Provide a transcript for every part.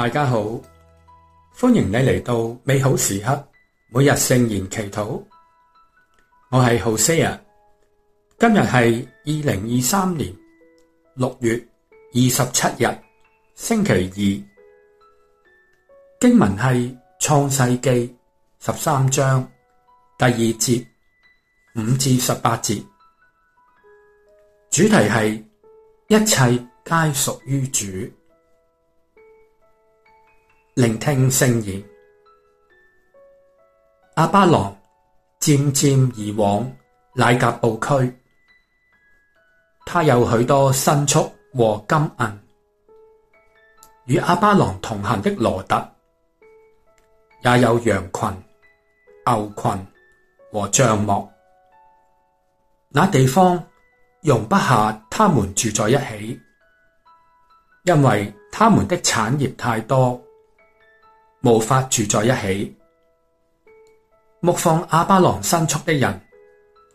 大家好，歡迎你嚟到美好時刻，每日聖言祈禱。我係浩西亞，今日係二零二三年六月二十七日星期二。經文係創世記十三章第二節五至十八節，主題係一切皆屬於主。聆聽聖言，亞巴郎漸漸移往乃革布區。他有許多牲畜和金銀。與亞巴郎同行的羅特也有羊群、牛群和帳幕。那地方容不下他們住在一起，因為他們的產業太多。無法住在一起。牧放亞巴郎牲畜的人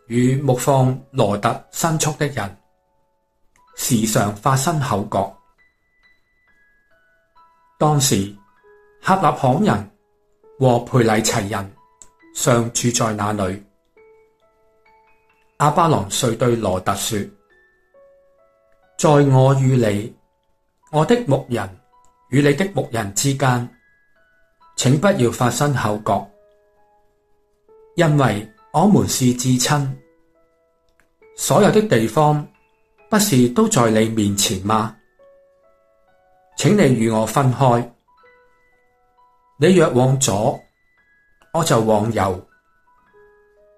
與牧放羅特牲畜的人時常發生口角。當時，客納罕人和培黎齊人尚住在那裏。亞巴郎遂對羅特說：在我與你、我的牧人與你的牧人之間。請不要發生口角，因為我們是至親。所有的地方不是都在你面前嗎？請你與我分開。你若往左，我就往右；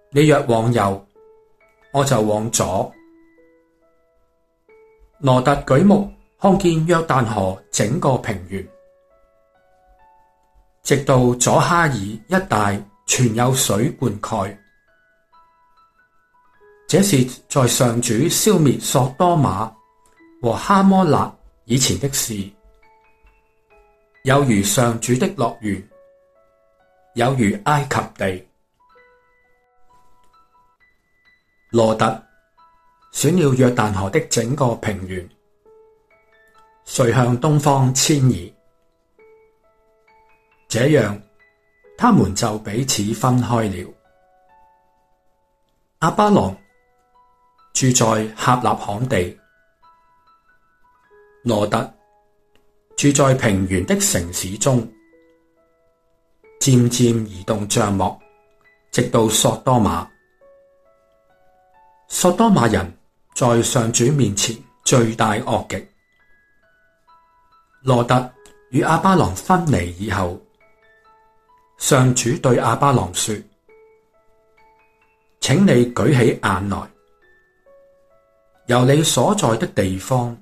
你若往右，我就往左。羅特舉目看見約旦河整個平原。直到左哈爾一帶全有水灌溉，這是在上主消滅索多瑪和哈摩辣以前的事。有如上主的樂園，有如埃及地。羅特選了約旦河的整個平原，遂向東方遷移。這樣，他們就彼此分開了。阿巴郎住在客納罕地，羅特住在平原的城市中，漸漸移動帳幕，直到索多瑪。索多瑪人在上主面前罪大惡極。羅特與阿巴郎分離以後，上主對亞巴郎說：請你舉起眼來，由你所在的地方，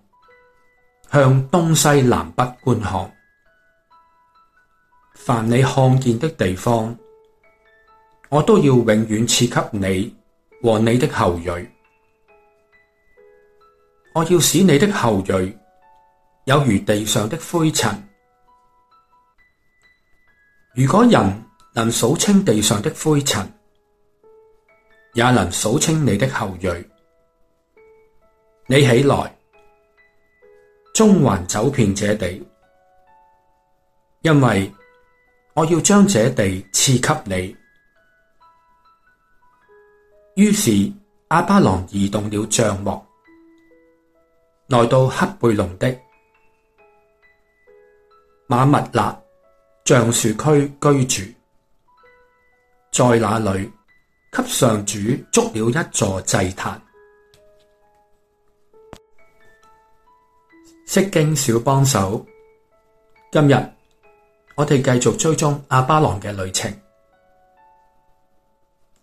向東西南北觀看，凡你看見的地方，我都要永遠賜給你和你的後裔。我要使你的後裔有如地上的灰塵。如果人能數清地上的灰塵，也能數清你的後裔。你起來，縱橫走遍這地，因為我要將這地賜給你。於是，亞巴郎移動了帳幕，來到赫貝龍的瑪默勒。橡樹區居住，在那裏，給上主築了一座祭壇。釋經小幫手，今日我哋繼續追蹤亞巴郎嘅旅程。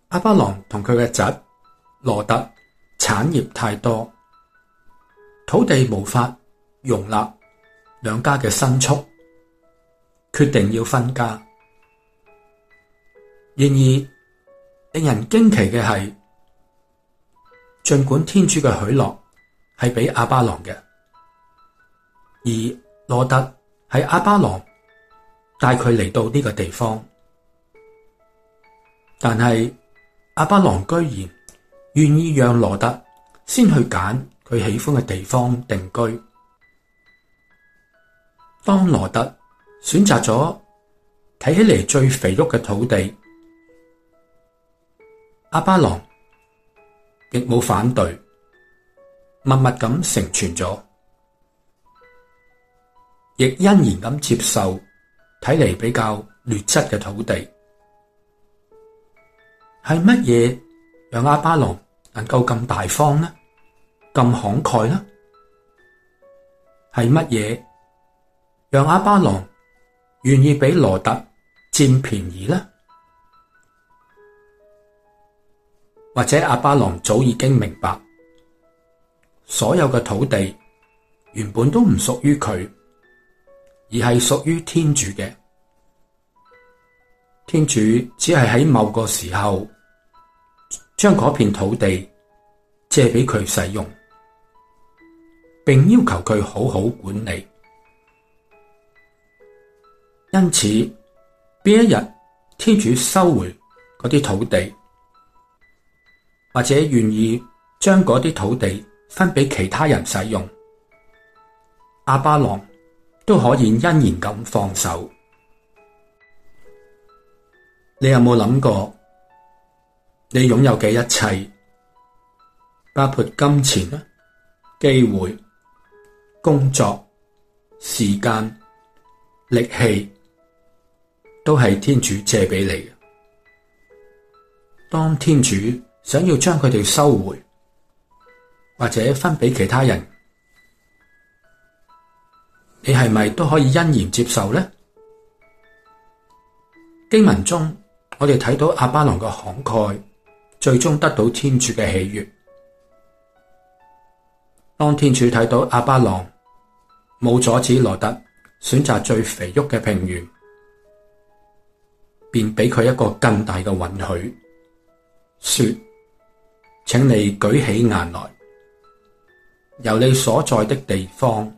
亞巴郎同佢嘅侄羅特產業太多，土地無法容納兩家嘅牲畜。決定要分家，然而令人驚奇嘅係，儘管天主嘅許諾係俾亞巴郎嘅，而羅特係亞巴郎帶佢嚟到呢個地方，但係亞巴郎居然願意讓羅特先去揀佢喜歡嘅地方定居。當羅特。選擇咗睇起嚟最肥沃嘅土地，亞巴郎亦冇反對，默默咁成全咗，亦欣然咁接受睇嚟比較劣質嘅土地。係乜嘢讓亞巴郎能夠咁大方呢？咁慷慨呢？係乜嘢讓亞巴郎？願意畀羅特佔便宜呢？或者亞巴郎早已經明白，所有嘅土地原本都唔屬於佢，而係屬於天主嘅。天主只係喺某個時候將嗰片土地借俾佢使用，並要求佢好好管理。因此邊一日天主收回嗰啲土地，或者願意將嗰啲土地分俾其他人使用，阿巴郎都可以欣然咁放手。你有冇諗過，你擁有嘅一切，包括金錢、機會、工作、時間、力氣，都係天主借畀你嘅。當天主想要將佢哋收回，或者分俾其他人，你係咪都可以欣然接受呢？經文中我哋睇到亞巴郎嘅慷慨，最終得到天主嘅喜悅。當天主睇到亞巴郎冇阻止羅特選擇最肥沃嘅平原。便俾佢一個更大嘅允許，說：請你舉起眼來，由你所在的地方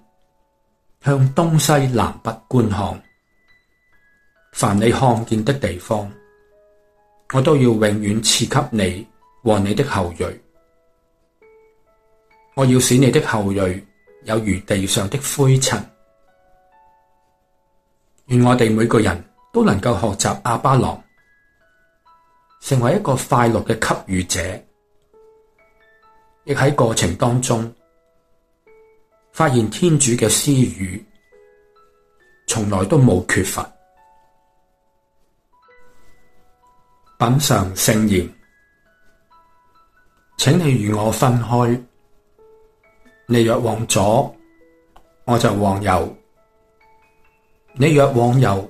向東西南北觀看，凡你看見的地方，我都要永遠賜給你和你的後裔。我要使你的後裔有如地上的灰塵。願我哋每個人。都能夠學習亞巴郎，成為一個快樂嘅給予者，亦喺過程當中發現天主嘅施予，從來都冇缺乏。品嘗聖言，請你與我分開，你若往左，我就往右；你若往右，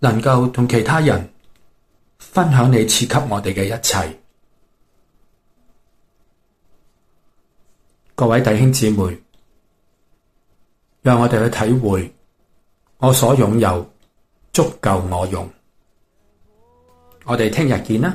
能夠同其他人分享你賜給我哋嘅一切，各位弟兄姊妹，讓我哋去體會我所擁有，足夠我用。我哋聽日見啦。